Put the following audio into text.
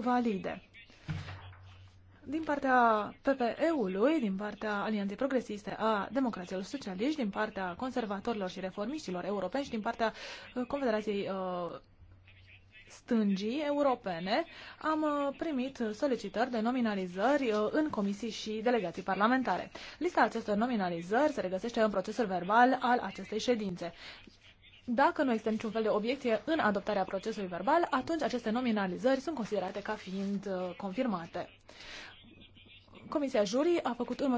valide. Din partea PPE-ului, din partea Alianței Progresiste a Democraților Socialiști, din partea conservatorilor și reformiștilor europeni și din partea uh, Confederației uh, stângii europene, am uh, primit solicitări de nominalizări uh, în comisii și delegații parlamentare. Lista acestor nominalizări se regăsește în procesul verbal al acestei ședințe. Dacă nu există niciun fel de obiecție în adoptarea procesului verbal, atunci aceste nominalizări sunt considerate ca fiind uh, confirmate. Comisia Jurii a făcut un